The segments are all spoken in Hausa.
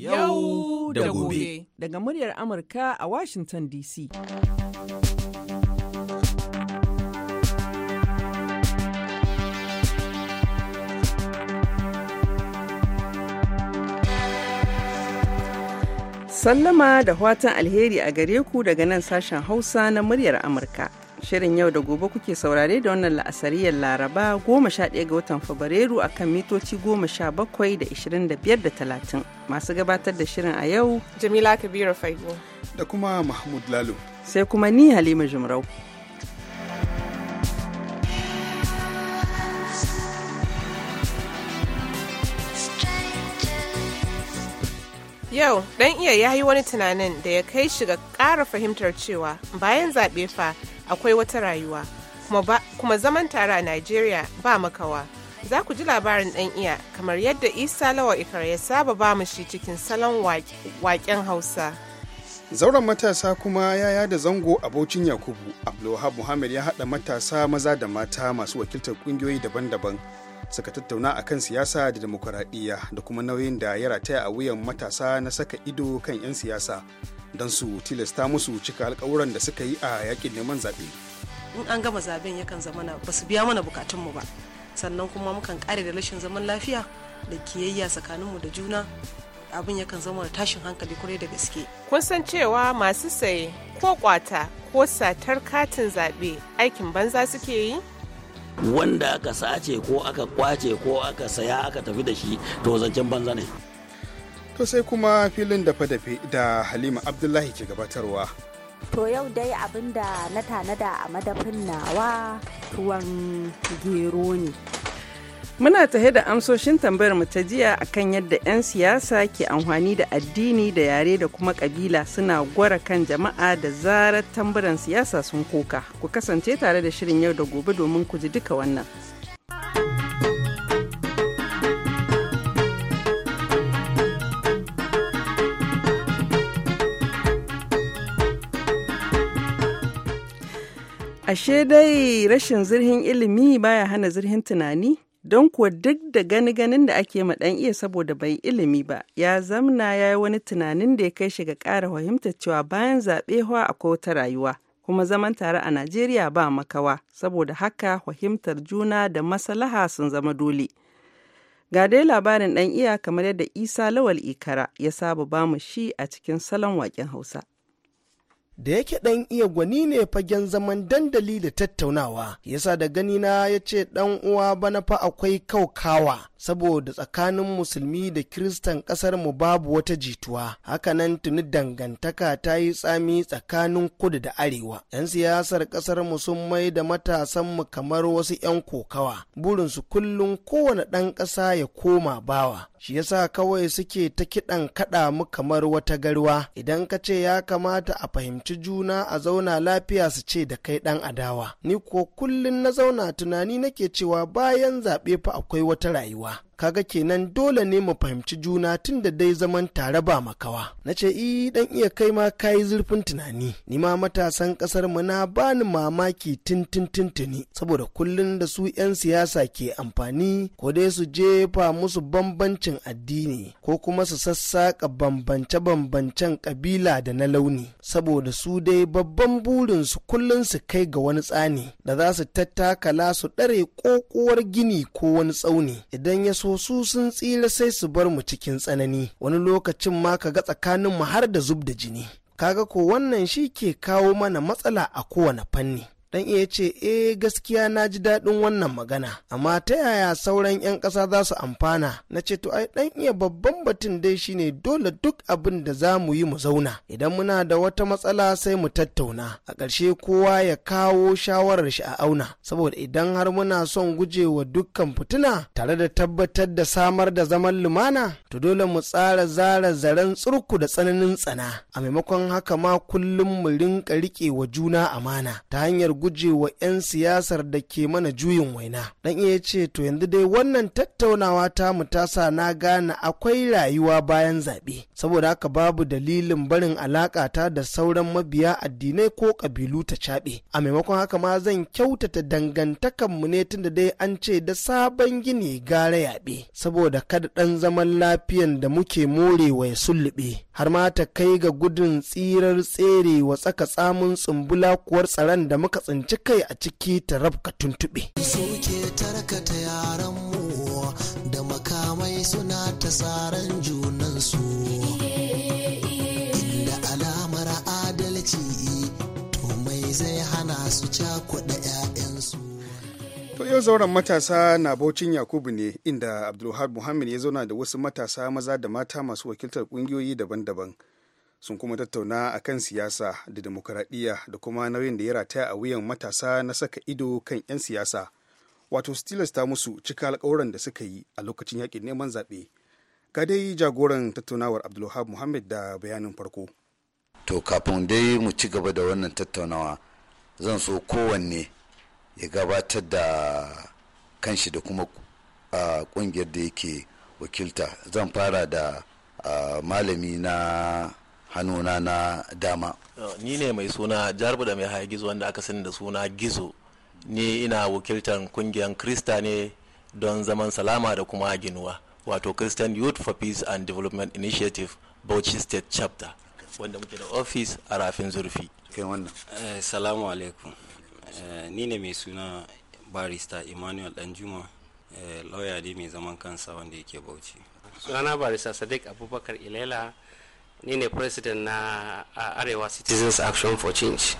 yau da gobe daga muryar Amurka a Washington DC. Sallama da watan alheri a gare ku daga nan sashen Hausa na muryar Amurka. Shirin yau da gobe kuke saurare da wannan la'asariyar Laraba goma sha ɗaya ga watan Fabrairu a kan mitoci bakwai da ishirin da talatin Masu gabatar da shirin a yau. Jamila Kabiru Faigo. Da kuma Mahmud Lalo. Sai kuma ni Halima jimrau Yau, ɗan iya ya yi wani tunanin da ya kai shi ga ƙara fahimtar cewa bayan zaɓe fa akwai wata rayuwa kuma zaman tare a Najeriya ba makawa. Za ku ji labarin ɗan iya kamar yadda Isa Lawa Ikar ya saba ba mu shi cikin salon waƙen Hausa. Zauren matasa kuma ya yada zango abocin Yakubu, Abdulwahab Muhammad ya haɗa matasa maza da mata masu wakiltar ƙungiyoyi daban-daban. Suka tattauna a kan siyasa da demokuraɗiyya da kuma nauyin da ya rataya a wuyan matasa na saka ido kan 'yan siyasa. don su tilasta musu cika alkawuran da suka yi a yakin neman zaɓe. in an gama zaben yakan zama na basu biya mana bukatunmu ba sannan kuma mukan kare da rashin zaman lafiya da kiyayya tsakaninmu da juna abin yakan zama da tashin hankali kwarai da gaske. Kun san cewa masu saye ko kwata ko satar katin zaɓe aikin banza suke yi? Wanda aka sace ko aka kwace ko aka saya aka tafi da shi to zancen banza ne. To sai kuma filin dafe-dafe da Halima Abdullahi ke gabatarwa. To yau dai abin da na tanada a madafin nawa tuwon gero ne. Muna tahe da amsoshin tambayar mu ta jiya akan yadda 'yan siyasa ke amfani da addini da yare da kuma kabila suna gwara kan jama'a da zarar tambaran siyasa sun koka. Ku kasance tare da shirin yau da gobe domin ku ji duka wannan. Ashe dai rashin zirhin ilimi baya hana zirhin tunani? Don kuwa duk da gani-ganin da ake ma ɗan iya saboda bai ilimi ba, ya zamna ya yi wani tunanin da ya kai shi ga ƙara fahimtar cewa bayan zaɓe akwai wata rayuwa. kuma zaman tare a Najeriya ba makawa, saboda haka fahimtar juna da masalaha sun zama dole. Ga dai labarin ɗan iya kamar yadda Isa Lawal Ikara ya saba bamu shi a cikin salon waƙen Hausa. da yake ɗan iya gwani ne fagen zaman dandali da tattaunawa yasa da ganina ya ce ɗan uwa bana fa akwai kaukawa saboda tsakanin musulmi da kiristan ƙasar mu babu wata jituwa hakanan tuni dangantaka ta yi tsami tsakanin kudu da arewa yan siyasar ƙasar mu sun mai da matasan mu kamar wasu yan kokawa burinsu kullum kowane ɗan ƙasa ya koma bawa shi yasa kawai suke ta kiɗan kaɗa mu kamar wata garwa idan ka ce ya kamata a fahimci juna a zauna lafiya su ce da kai ɗan adawa ni ko kullum na zauna tunani nake cewa bayan zaɓe fa akwai wata rayuwa kaga kenan dole ne mu fahimci juna tun da dai zaman tare ba makawa na ce i dan iya kai ma kayi zurfin tunani ni ma matasan kasar mu na bani mamaki tintin tintini saboda kullun da su yan siyasa ke amfani ko dai su jefa musu bambancin addini ko kuma su sassaka bambance-bambancen kabila da na launi saboda su dai babban burin su kullun su kai ga wani tsani da za su tattakala su ɗare kokuwar gini ko wani tsauni idan ya so su sun tsira sai su bar mu cikin tsanani wani lokacin ma ka ga tsakanin mu har da zub da jini kaga ko wannan shi ke kawo mana matsala a kowane fanni dan iya ce eh gaskiya na ji daɗin wannan magana amma ta yaya sauran 'yan ƙasa za su amfana na ce to ai dan iya babban batun dai shine dole duk abin da za mu yi mu zauna idan muna da wata matsala sai mu tattauna a ƙarshe kowa ya kawo shawarar shi a auna saboda idan har muna son guje wa dukkan fituna tare da tabbatar da samar da zaman lumana to dole mu tsara zara zaren tsurku da tsananin tsana a maimakon haka ma kullum mu rinka riƙe wa juna amana ta hanyar gujewa 'yan siyasar da ke mana juyin waina dan iya ce to yanzu dai wannan tattaunawa ta mu ta sa na gane akwai rayuwa bayan zaɓe saboda haka babu dalilin barin alaƙa ta da sauran mabiya addinai ko ƙabilu ta caɓe a maimakon haka ma zan kyautata dangantakan mu ne tunda dai an ce da sabon gini gara yaɓe saboda kada ɗan zaman lafiyan da muke morewa ya sullube har ma ta kai ga gudun tsirar tsere wa tsaka tsamun tsumbula kuwar tsaron da muka tsinci kai a ciki ta rabka tuntuɓe. Soke tarkata yaran mu da makamai suna ta junan junansu. da alamar adalci to mai zai hana su cakuɗa To yau zauren matasa na Baucin Yakubu ne inda Abdulhar Muhammad ya zauna da wasu matasa maza da mata masu wakiltar kungiyoyi daban-daban. Sun kuma tattauna a kan siyasa da demokuraɗiyya da kuma nauyin da ya rataya a wuyan matasa na saka ido kan 'yan siyasa. Wato stilas ta musu cika alkawuran da suka yi a lokacin yakin neman zaɓe. Ga dai jagoran tattaunawar Abdulhab Muhammad da bayanin farko. To kafin dai mu ci gaba da wannan tattaunawa zan so kowanne ya gabatar da kanshi da kuma kungiyar da yake wakilta zan fara da malami na hannuna na dama oh, ni ne mai suna da mai haya gizo wanda aka sani da suna gizo ni ina wakiltar kungiyar krista ne don zaman salama da kuma ginuwa wato christian youth for peace and development initiative bauchi state chapter wanda muke da ofis a rafin zurfi kai eh, salamu alaikum Eh, ni ne mai suna barista emmanuel danjuma eh, lauya ne mai zaman kansa wanda yake bauchi sunana barista sadiq abubakar ilela ni ne president na arewa citizens action for change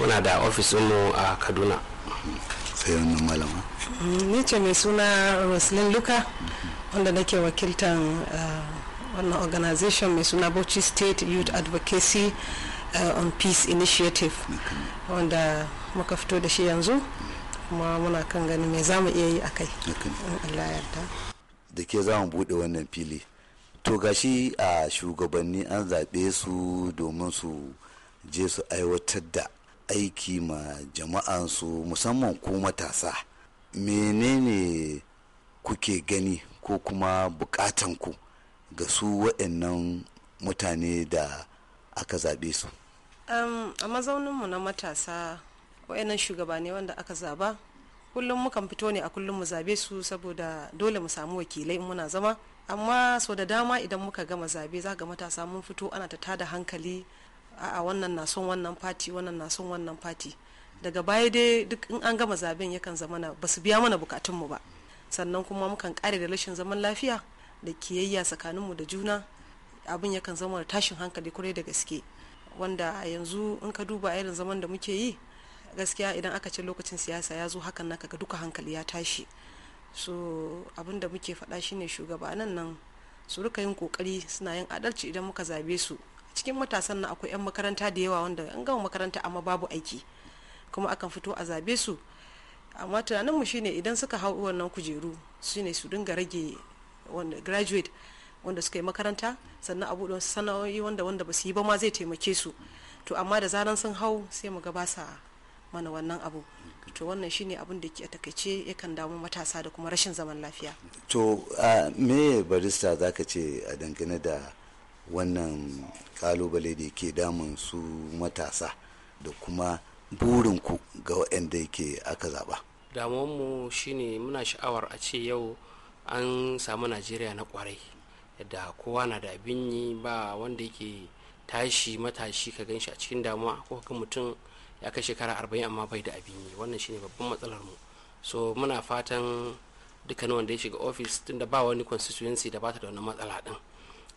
muna da ofisinmu a kaduna sai wannan malama mm, ni ce mai suna roslyn luka wanda nake wakiltan eh, wannan organization mai suna bauchi state youth advocacy on peace initiative wanda muka fito da shi yanzu kuma muna kan gani me za mu iya yi a kai Allah yarda da ke za mu buɗe wannan fili to gashi a shugabanni an zaɓe su domin su je su aiwatar da aiki ma su musamman ku matasa menene kuke gani ko kuma bukatanku ga su waɗannan mutane da aka zaɓe su a mazauninmu na matasa wayannan shugabanni wanda aka zaba kullum mukan fito ne a kullum mu zabe su saboda dole mu samu wakilai muna zama amma so da dama idan muka gama zabe za ga matasa mun fito ana ta tada hankali a wannan na son wannan fati wannan na son wannan fati daga baya dai duk in an gama zaben yakan zama na basu biya mana bukatun mu ba sannan kuma mukan kare da rashin zaman lafiya da kiyayya mu da juna abin yakan zama tashin hankali kurai da gaske wanda yanzu in ka duba irin zaman da muke yi gaskiya idan aka ce lokacin siyasa ya zo hakan na ga duka hankali ya tashi so abin da muke faɗa shine shugabanan nan su rika yin kokari suna yin adalci idan muka zabe su cikin matasan na akwai 'yan makaranta da yawa wanda an gama makaranta amma babu aiki kuma akan fito a zabe su amma tunaninmu shine idan suka hau wannan kujeru shine su dinga rage wanda graduate wanda suka yi makaranta sannan abu don sana'o'i wanda wanda ba su yi ba ma zai taimake su to amma da zaran sun hau sai mu ga ba sa mana wannan abu to wannan shine abin da ke a takaice yakan damu matasa da kuma rashin zaman lafiya to me barista zaka ce a dangane da wannan kalubale da ke damun su matasa da kuma burinku ga waɗanda yake aka zaba damuwanmu shine muna sha'awar a ce yau an samu najeriya na kwarai yadda kowa na da abin yi ba wanda yake tashi matashi ka gan shi a cikin damuwa ko kan mutum ya kai shekara arba'in amma bai da abin yi wannan shine babban matsalar mu so muna fatan dukkanin wanda ya shiga ofis tunda ba wani constituency da bata da wannan matsala din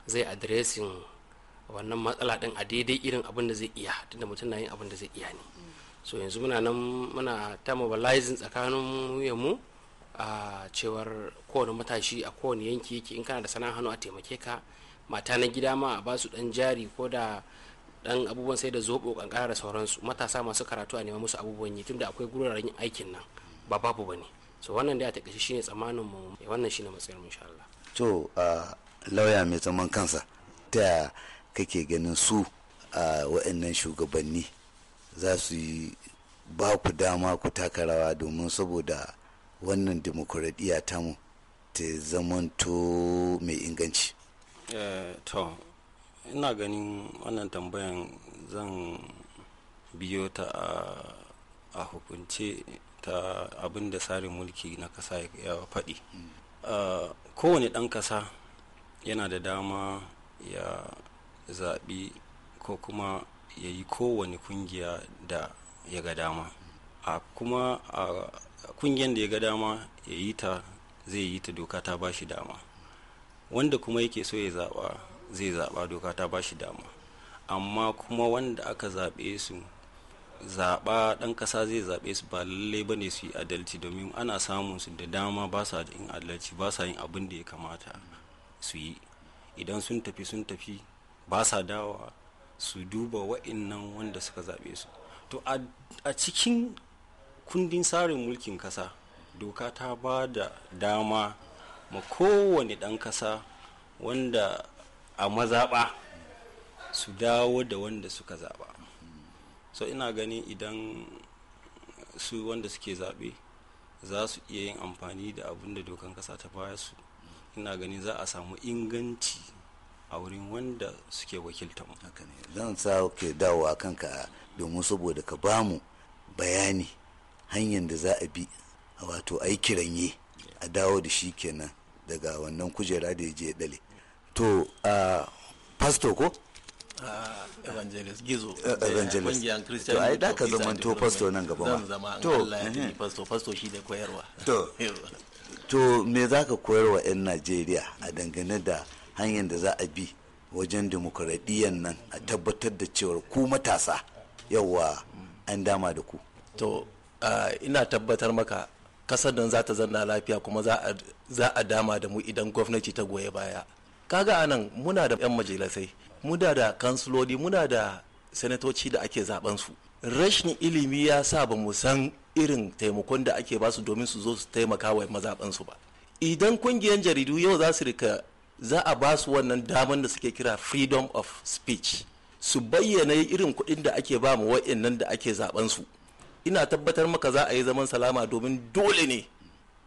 zai addressing wannan matsala din a daidai irin abin da zai iya tunda mutum na yin abin da zai iya ne so yanzu muna nan muna ta mobilizing tsakanin mu a cewar kowane matashi a kowane yanki yake in kana da sana'ar hannu a taimake ka mata na gida ma a basu dan jari ko da dan abubuwan sai da zobo kankara da sauransu matasa masu karatu a neman musu abubuwan yi tunda akwai guraren aikin nan ba babu bane so wannan da a takaice shine tsammanin mu eh, wannan shine matsayin insha Allah to lauya mai zaman kansa ta kake ganin su a wa'annan shugabanni za su yi ba ku dama ku taka rawa domin saboda wannan demokuraɗiyya tamu ta zamanto mai inganci. Eh, to ina ganin wannan tambayan zan biyo ta a hukunce ta abin da tsarin mulki na kasa ya faɗi kowane ɗan kasa yana da dama ya zaɓi ko kuma ya yi kowane kungiya da ya ga dama a kuma a kungiyar da ya ga dama ya yi ta zai yi ta doka ta ba shi dama wanda kuma yake so ya zaɓa zai zaba doka ta bashi dama amma kuma wanda aka zaɓe su zaɓa ɗan ƙasa zai zaɓe su ba lallai ba ne su yi adalci domin ana samun su da dama ba sa yin adalci ba sa yin abin da ya kamata su yi idan sun tafi sun tafi ba sa dawa su duba wa'innan wanda suka zaɓe su to a cikin kundin tsarin mulkin ƙasa doka ta ba da dama ma kowane ɗan ƙasa wanda a mazaɓa su dawo da wanda suka zaɓa so ina gani idan su wanda suke zaɓe za su iya yin amfani da abin da dokan ƙasa ta baya su ina gani za a samu inganci a wurin wanda suke wakilta mu zan sa ke dawowa kanka domin saboda ka bamu bayani hanyar da za a bi wato a yi kiranye a dawo da shi kenan daga wannan kujera da ya je dale to uh, pastor ko evangelist gizo e, evangelist eh, to ai da ka zama to pastor nan gaba ma to mhm. pastor pastor shi da koyarwa to to me za ka koyarwa 'yan najeriya a dangane da hanyar da za a bi wajen demokuraɗiyyar nan a tabbatar da cewar ku matasa yawa an dama da ku to ina tabbatar maka kasar don za ta zanna lafiya kuma za a dama da mu idan gwamnati ta goye baya kaga anan muna da 'yan majalisai muna da kansiloli muna da sanatoci da ake zaben su rashin ilimi ya sa ba mu san irin taimakon da ake basu domin su zo su taimaka wa mazaben su ba idan kungiyan jaridu yau za su rika za a ba su wannan daman da suke kira freedom of speech su bayyana irin kuɗin da ake ba mu wa'annan da ake zaben su ina tabbatar maka za a yi zaman salama domin dole ne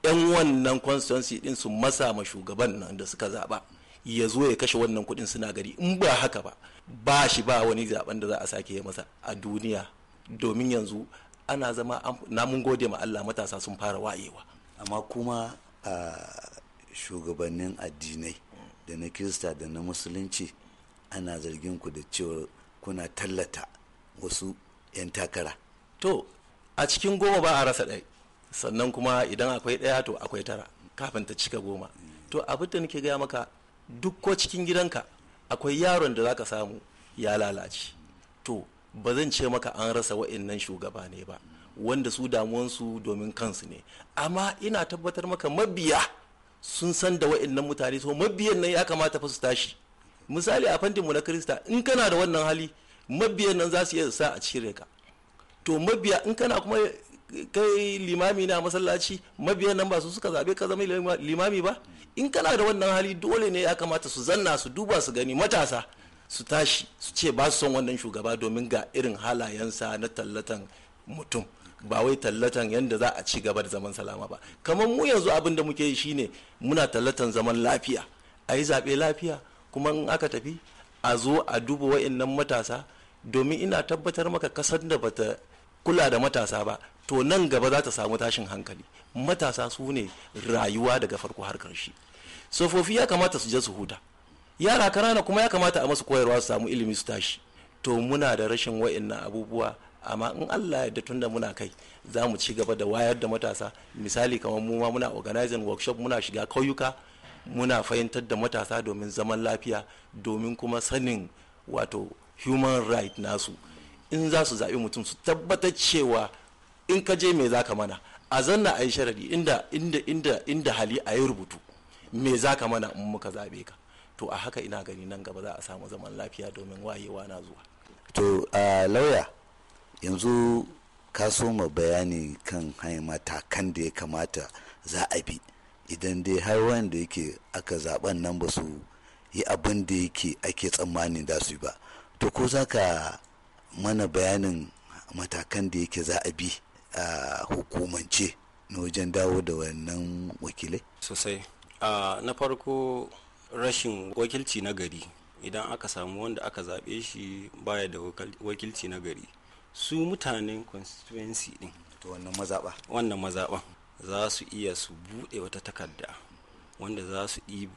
'yan wannan constituency din su masa ma shugaban nan da suka zaba ya zo ya kashe wannan kuɗin suna gari in ba haka ba ba shi ba wani zaben da za a sake masa a duniya domin yanzu ana zama namun gode ma Allah matasa sun fara wayewa amma kuma a shugabannin addinai da na kirista da na musulunci ana zargin ku da cewa kuna tallata wasu 'yan takara to a cikin goma ba a rasa ɗaya sannan kuma idan akwai ɗaya to akwai tara kafin ta cika goma to abin da nake gaya maka duk ko cikin gidanka akwai yaron da zaka samu ya lalace to ba zan ce maka an rasa wa'annan shugaba ne ba wanda su damuwansu domin kansu ne amma ina tabbatar maka mabiya sun san da wa'annan mutane to mabiyan nan ya kamata fa su tashi misali a fantin mu na krista in kana da wannan hali mabiyan nan za su iya sa a cire ka to mabiya in kana kuma kai limami na masallaci mabiyan nan ba su suka zabe ka zama limami ba in kana da wannan hali dole ne ya kamata su zanna su duba su gani matasa su tashi su ce ba su son wannan shugaba domin ga irin halayensa na tallatan mutum ba wai tallatan yadda za a ci gaba da zaman salama ba kamar mu yanzu abin da muke yi shine muna tallatan zaman lafiya a yi zaɓe lafiya kuma in aka tafi a zo a duba wa'annan matasa domin ina tabbatar maka kasar da bata kula da matasa ba to nan gaba za ta samu tashin hankali matasa su ne rayuwa daga farko har karshe tsofaffi ya kamata su je su huta yara kanana kuma ya kamata a masu koyarwa su samu ilimi su tashi to muna da rashin wa'annan abubuwa amma in allah ya yarda tunda muna kai za mu ci gaba da wayar da matasa misali kamar mu ma muna organizing workshop muna shiga kauyuka muna fahimtar da matasa domin zaman lafiya domin kuma sanin wato human right nasu in za su zaɓi mutum su tabbatar cewa in ka je me za ka mana a zanna a yi sharadi inda inda inda inda hali a yi rubutu me za ka mana in muka zabe ka to a haka ina gani nan gaba za a samu zaman lafiya domin wayewa na zuwa to a lauya yanzu ka soma bayani kan hanyar matakan da ya kamata za a bi idan dai har wanda yake aka zaben nan ba su yi abin da yake ake tsammanin da su ba to ko za ka mana bayanin matakan da yake za a bi a hukumance na wajen dawo da wannan wakilai sosai na farko rashin wakilci na gari idan aka samu wanda aka zaɓe shi baya da wakilci na gari su mutanen constituency din wannan mazaɓa wannan mazaɓa za su iya su buɗe wata takarda wanda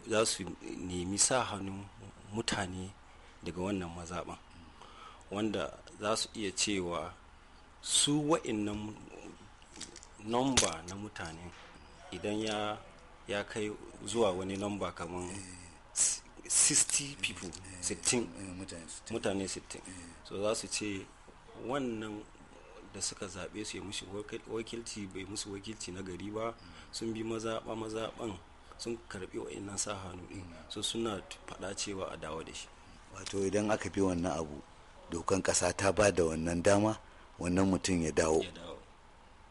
za su nemi sa hannu mutane daga wannan mazaɓan wanda za su iya cewa su wa'innan nomba na mutane idan ya ya kai zuwa wani nomba kamar 60 people 60 eh, eh, mutane 60 eh. so za su ce wannan da suka zaɓe su ya mushi wakilci bai musu wakilci na gari ba sun bi mazaɓa mazaɓan sun karɓi wa'innan sa hannu ɗin mm, so suna faɗa cewa a dawo da shi wato idan aka bi wannan abu dokan ƙasa ta ba da wannan dama wannan mutum ya dawo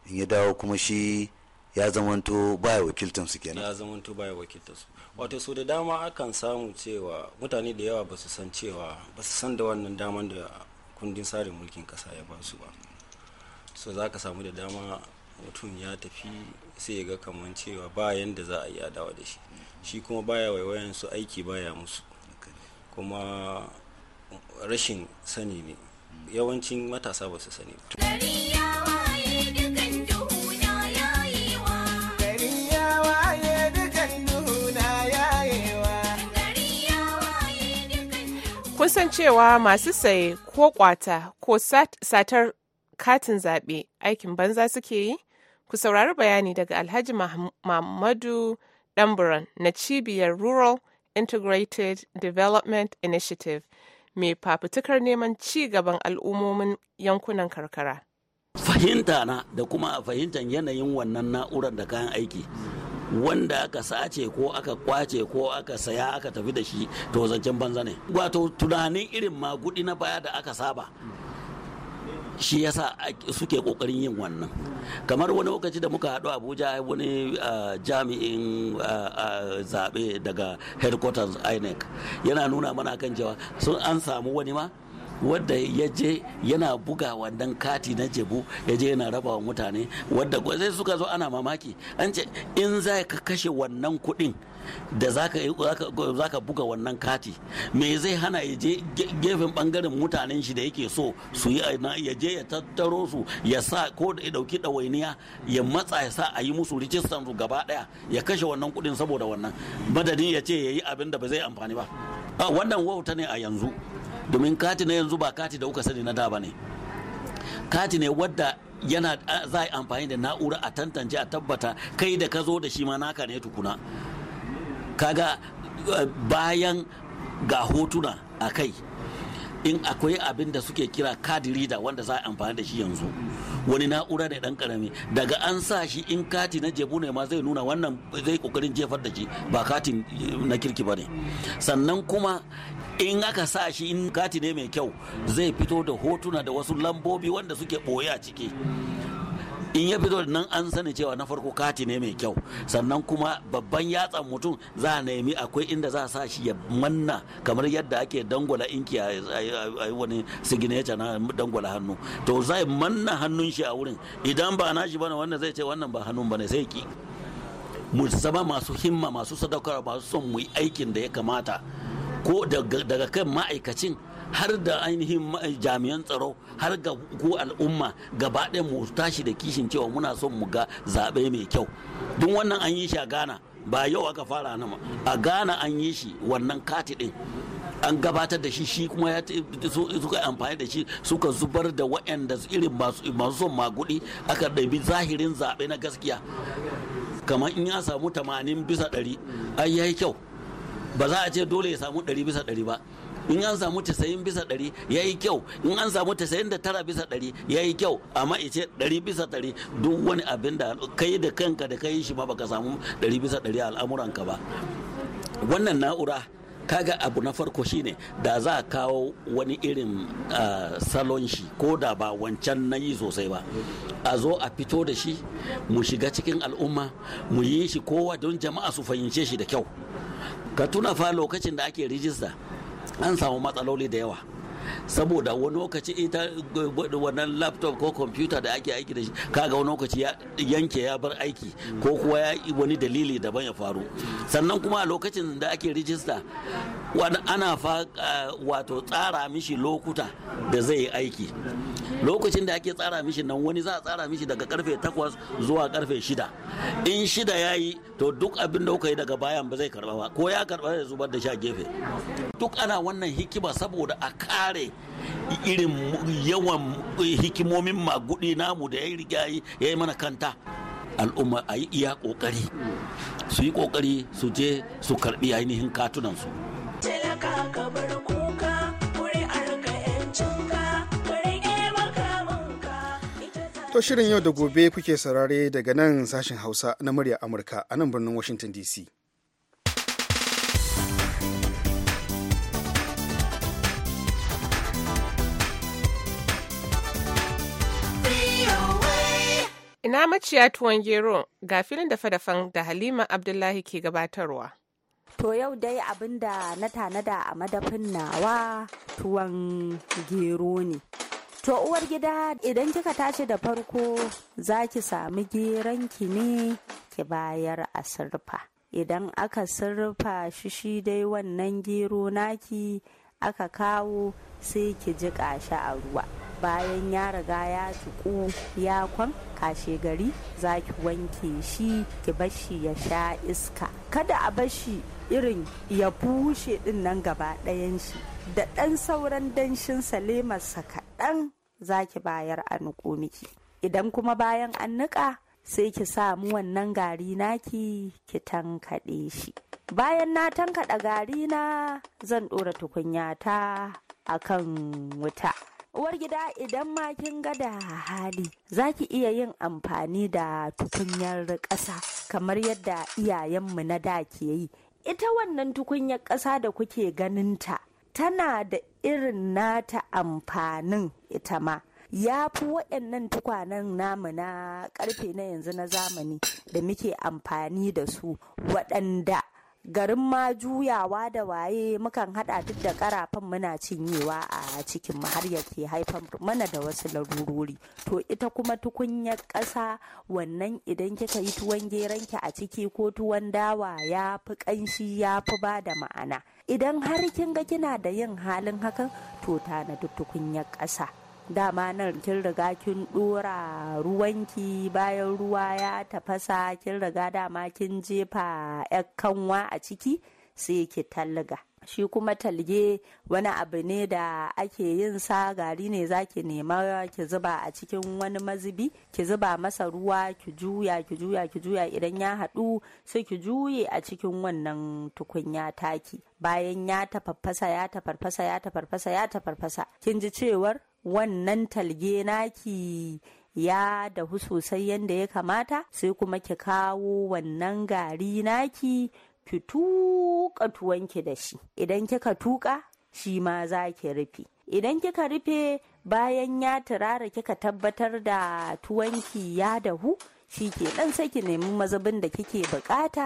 in ya dawo kuma shi ya zamanto baya wakiltar su kenan ya zamanto baya wakiltar su wato su da dama akan samu cewa mutane da yawa ba su san cewa ba su san da wannan daman da kundin tsarin mulkin kasa ya ba su ba so za ka samu da dama mutum ya tafi sai ya ga kamar cewa bayan da za a yi adawa da shi shi kuma baya waiwayan su aiki baya musu kuma rashin sani ne yawancin matasa ba su sani ba. kun san cewa masu saye ko kwata ko satar katin zaɓe aikin banza suke yi? Ku saurari bayani daga Alhaji Muhammadu Ɗamburan na cibiyar Rural Integrated Development Initiative mai fafutukar neman ci gaban al'ummomin yankunan karkara. Fahimta na da kuma fahimtar yanayin wannan na'urar da kayan aiki. wanda aka sace ko aka kwace ko aka saya aka tafi da shi to zancen banza ne wato tunanin irin magudi na baya da aka saba shi yasa suke kokarin yin wannan kamar wani lokaci da muka haɗu abuja wani jami'in zaɓe daga headquarters inec yana nuna mana kan cewa sun an samu wani ma wadda ya je yana buga wannan kati na jebu ya je yana rabawa mutane wadda sai suka zo ana mamaki an ce in za ka kashe wannan kuɗin da za ka buga wannan kati me zai hana ya je gefen bangaren mutanen shi da yake so su yi ya je ya tattaro su ya sa ko da ya dauki ɗawainiya ya matsa ya sa a yi musu rijistan su gaba daya ya kashe wannan kuɗin saboda wannan madadin ya ce ya yi abin da ba zai amfani ba wannan wauta ne a yanzu domin kati na yanzu ba kati da kuka sani na da ba ne kati ne wadda yana za a yi amfani da na'ura a tantance a tabbata kai da ka zo da shi ma naka ne tukuna kaga eh, bayan ga hotuna a kai in akwai abin da suke kira card reader wanda za a amfani da shi yanzu wani na'ura ne dan karami daga an sa shi in kati na jebu ne ma zai nuna wannan zai kokarin jefar da shi ba katin eh, na kirki ba ne sannan kuma in aka sa shi in kati ne mai kyau zai fito da hotuna da wasu lambobi wanda suke ɓoye a ciki in ya fito nan an sani cewa na farko kati ne mai kyau sannan kuma babban yatsan mutum za a nemi akwai inda za a sa shi ya manna kamar yadda ake dangwala inki a wani signature na dangwala hannu to zai manna hannun shi a wurin idan ba na shi bane wannan zai ce wannan ba hannun bane sai ki mu zama masu himma masu sadaukar masu son mu yi aikin da ya kamata ko daga kan ma'aikacin har da ainihin jami'an tsaro har ga ku al'umma gaba ɗaya mu tashi da kishin cewa muna son mu ga zaɓe mai kyau duk wannan an yi shi a ghana ba yau aka fara nan a ghana an yi shi wannan kati ɗin an gabatar da shi shi kuma ya suka amfani da shi suka zubar da waɗanda irin masu son magudi aka ɗabi zahirin zaɓe na gaskiya kamar in ya samu 80 bisa 100 ai yayi kyau ba za a ce dole ya samu 100 bisa 100 ba in an samu 90 bisa 100 yayi kyau in an samu 99 bisa 100 yayi kyau amma ice 100 bisa 100 duk wani abin da kai da kanka da kai shi ma baka samu 100 bisa 100 al'amuranka ba wannan na'ura kaga abu na farko shine da za a kawo wani irin salon shi ko da ba wancan na yi sosai ba a zo a fito da shi mu shiga cikin al'umma mu yi shi kowa don jama'a su fahimce shi da kyau ka tuna fa lokacin da ake rijista an samu matsaloli da yawa saboda wani lokaci ita eh, wannan laptop ko computer da ake aiki da shi kaga wani lokaci ya yanke ya bar aiki ko kuwa ya wani dalili daban ya faru sannan kuma a lokacin da ake rijista ana fa eh, wato tsara mishi lokuta da zai yi aiki lokacin da ake tsara mishi nan wani za a tsara mishi daga karfe 8 zuwa karfe 6 in shida ya yi to duk abin da kuka yi daga bayan ba zai karba ba ko ya karba zai zubar da sha gefe duk ana wannan hikima saboda a kare kare irin yawan eh, hikimomin magudi namu da ya riga ya yi mana kanta al'umma a yi iya kokari su yi kokari su je su karbi ainihin katunansu To shirin yau da gobe kuke saurare daga nan sashen Hausa na murya Amurka a nan birnin Washington DC. Ina maciya tuwon gero ga filin dafe-dafen da Halima Abdullahi ke gabatarwa. To yau dai abin da na tanada a madafin nawa tuwon gero ne. To uwar gida idan kika tashi da farko za ki sami ki ne ki bayar a sirfa. Idan aka sirfa shi shi dai wannan gero naki aka kawo sai ki jiƙa shi a ruwa bayan ya riga ya jiƙu ya kwan kashe gari za ki wanke shi ki bashi ya sha iska kada a bashi irin ya bushe din nan gaba ɗayan shi da ɗan sauran danshin salemarsa kaɗan za ki bayar a nuko miki idan kuma bayan an niƙa sai ki samu wannan gari naki ki tankaɗe shi bayan na tankaɗa gari na zan ɗora tukunya ta akan wuta uwar gida idan ma kin ga da hali zaki iya yin amfani da tukunyar ƙasa kamar yadda iyayenmu na da ke yi ita wannan tukunyar ƙasa da kuke ganinta tana da irin nata amfanin ita ma ya fi waɗannan tukwanen namu na ƙarfe na yanzu na zamani da muke amfani da su waɗanda garin ma juyawa da waye mukan hada duk da karafan muna cinyewa a cikin mu har yake haifar mana da wasu larurori to ita kuma tukunyar ƙasa wannan idan kika yi tuwon geranki a ciki ko tuwon dawa ya fi ƙanshi ya fi ba da ma'ana idan har kin ga kina da yin halin hakan to tanadi tukunyar ƙasa dama nan kin riga kin dora ruwanki bayan ruwa ya tafasa kin riga dama kin jefa yan kanwa a ciki sai ki talga shi kuma talge wani abu ne da ake yin sa gari ne zaki nema ki zuba a cikin wani mazubi ki zuba masa ruwa ki juya ki juya ki juya idan ya haɗu sai ki juye a cikin wannan tukunya taki bayan ya tafarfasa ya tafarfasa ya tafarfasa ya tafarfasa kin ji cewar wannan talge naki ya dahu sosai yadda ya kamata sai kuma ki kawo wannan gari naki ki tuka tuwanki da shi idan kika tuka shi ma za ki rufe idan kika rufe bayan ya turara kika tabbatar da tuwanki ya dahu shi ke dan sai ki nemi mazabin da kike bukata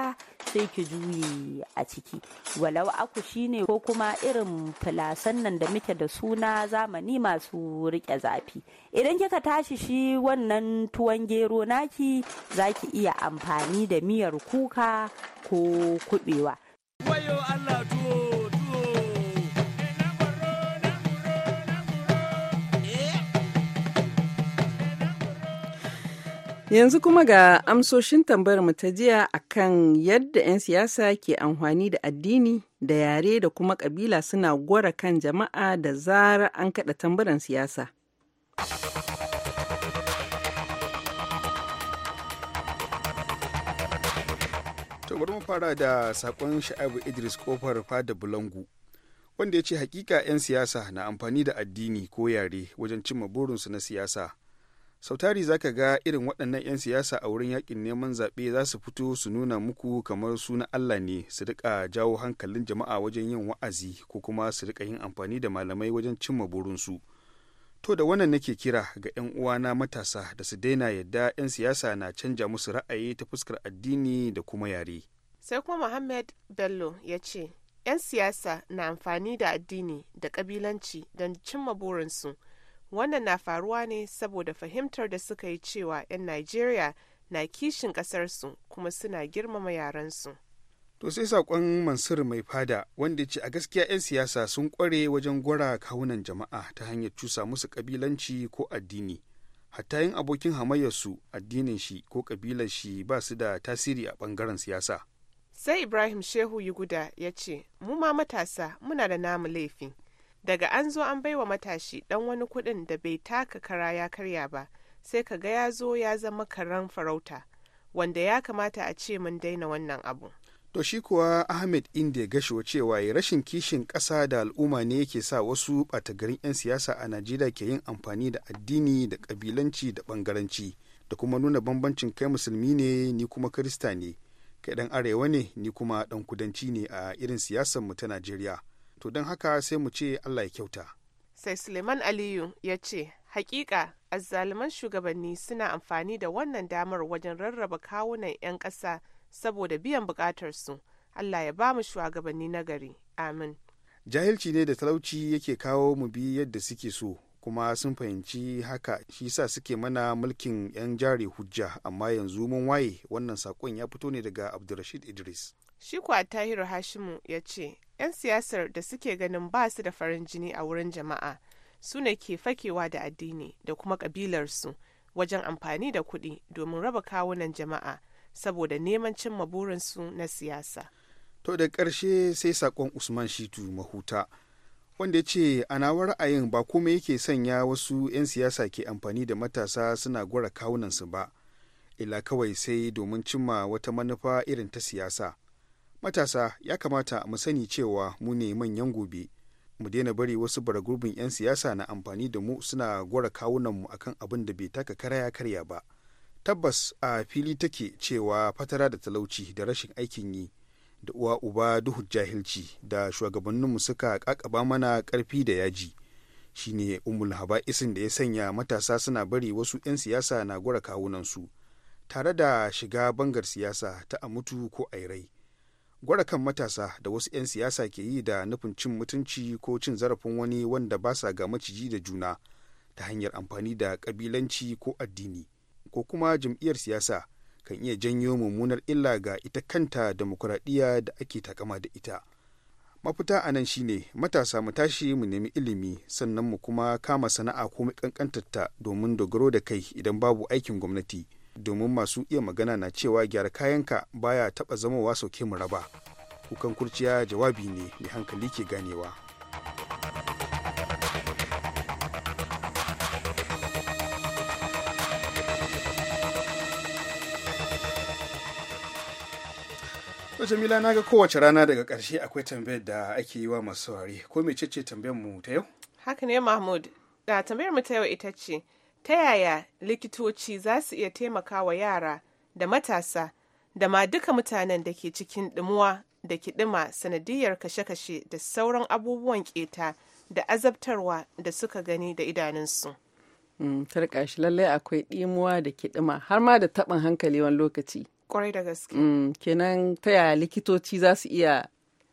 sai ki juye a ciki walau aku shine ko kuma irin filasan nan da muke da suna zamani masu rike zafi idan kika tashi shi wannan tuwon gero naki zaki iya amfani da miyar kuka ko kubewa. Yanzu kuma ga amsoshin tambayar mu ta jiya akan yadda 'yan siyasa ke amfani da addini da yare da kuma kabila suna gwara kan jama'a da zara an kada tambaran siyasa. To bari mu fara da sakon sha'abu Idris kofar fada Bulangu wanda ya ce hakika 'yan siyasa na amfani da addini ko yare wajen cimma burinsu na siyasa. sautari za ka ga irin waɗannan 'yan siyasa a wurin yakin neman zaɓe za su fito su nuna muku kamar su Allah ne su rika jawo hankalin jama'a wajen yin wa'azi ko kuma su rika yin amfani da malamai wajen cimma burinsu to da wannan nake kira ga 'yan uwana matasa da su daina yadda 'yan siyasa na canja musu ra'ayi ta fuskar addini da kuma yare sai kuma muhammad bello ya ce 'yan siyasa na amfani da addini da ƙabilanci don cimma burinsu Wannan na faruwa ne saboda fahimtar da suka yi cewa 'yan Najeriya na kishin ƙasarsu kuma suna girmama yarensu. To sai saƙon Mansur mai fada wanda ce a gaskiya 'yan siyasa sun ƙware wajen gwara kawunan jama'a ta hanyar cusa musu ƙabilanci ko addini. Hatta yin abokin hamayyarsu addinin shi ko ƙabilar shi ba su da tasiri a ɓangaren siyasa. Sai Ibrahim Shehu Yuguda ya ce, mu ma matasa muna da namu laifi. daga an zo an baiwa matashi dan wani kuɗin da bai taka kara ya karya ba sai ka ga ya zo ya zama karen farauta wanda ya kamata a ce mun daina wannan abu to shi kuwa ahmed inda gasho cewa rashin kishin ƙasa da al'umma ne yake sa wasu ɓatagarin 'yan siyasa a najeriya ke yin amfani da addini da ƙabilanci da ɓangaranci da kuma nuna bambancin kai musulmi ne ni kuma kirista ne kai ɗan arewa ne ni kuma ɗan kudanci ne a irin siyasar mu ta najeriya to don haka sai mu ce allah ya kyauta sai suleiman aliyu ya ce hakika azzaluman shugabanni suna amfani da wannan damar wajen rarraba kawunan 'yan ƙasa saboda biyan buƙatarsu allah ya ba mu shugabanni nagari amin jahilci ne da talauci yake kawo mu bi yadda suke so kuma sun fahimci haka shi sa suke mana mulkin 'yan jari hujja amma yanzu mun waye wannan saƙon ya fito ne daga abdulrashid idris Shi kuwa Tahiru Hashimu ya ce, ‘yan siyasar da suke ganin ba su da farin jini a wurin jama'a su ne ke fakewa da addini da kuma kabilarsu wajen amfani da kuɗi domin raba kawunan jama'a saboda neman cimma burinsu na siyasa. To da ƙarshe sai saƙon Usman Shitu Mahuta. wanda ya ce a ra'ayin ba kome yake sanya wasu 'yan siyasa ke amfani da matasa suna gwara kawunansu ba illa kawai sai domin cimma wata manufa irin ta siyasa matasa ya kamata mu sani cewa mu ne manyan gobe mu daina bari wasu baragurbin 'yan siyasa na amfani da mu suna gwara kawunanmu akan abin da bai taka kara ya karya ba tabbas a fili take cewa fatara da talauci da rashin aikin yi da uwa uba duhu jahilci da shugabanninmu suka kakaba mana karfi da yaji shine umul haba'isin da ya sanya matasa suna bari wasu 'yan siyasa na gwara kawunansu tare da shiga bangar siyasa ta a mutu ko airai gwara kan matasa da wasu 'yan siyasa ke yi da nufin cin mutunci ko cin zarafin wani wanda ba sa ga maciji da juna ta hanyar amfani da kabilanci ko addini ko kuma jam'iyyar siyasa kan iya janyo mummunar illa ga ita kanta demokuraɗiyya da ake takama da ita mafita a nan shine matasa mu tashi mu nemi ilimi sannan mu kuma kama sana'a ko mu kankantatta domin dogaro da kai idan babu aikin gwamnati domin masu iya magana na cewa gyara kayanka baya taɓa zamowa sauke mu raba kukan kurciya jawabi ne mai hankali ke ganewa Jamila na ga kowace rana daga ƙarshe akwai tambayar da ake yi wa masu saurari ko mai mecece tambayar mu ta yau? Haka ne Mahmud, da tambayar mu ta yau ita ce, ta yaya likitoci za su iya taimakawa yara da matasa da ma duka mutanen da ke cikin ɗimuwa da kiɗima sanadiyar kashe-kashe da sauran abubuwan keta da azabtarwa da suka gani da idanunsu. Tarka mm, lallai akwai ɗimuwa da kiɗima har ma da taɓin hankali wani lokaci. Kwarai da gaske. Mm, kenan ta yaya likitoci za su iya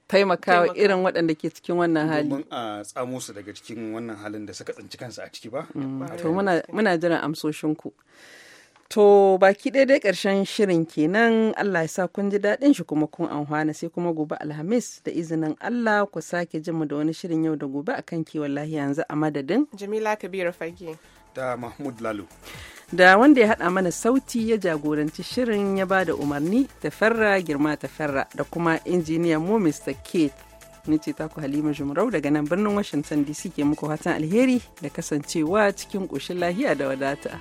taimakawa irin waɗanda ke cikin wannan hali. Domin a tsamo su daga cikin wannan halin da suka tsinci kansu a ciki ba. Mm, to muna jiran amsoshinku. To baki ɗaya dai ƙarshen shirin kenan Allah ya sa kun ji daɗin shi kuma kun amfana sai kuma gobe Alhamis da izinin Allah ku sake jinmu da wani shirin yau da gobe akan kiwon lahiya yanzu a madadin. Jamila Kabiru Fage. da mahmud lalu da wanda ya haɗa mana sauti ya jagoranci shirin ya ba da umarni ta farra girma ta farra da kuma injiniyan mu mr kate ni ce taku halima jumrau daga nan birnin washington dc ke muku hatan alheri da kasancewa cikin ƙoshin lahiya da wadata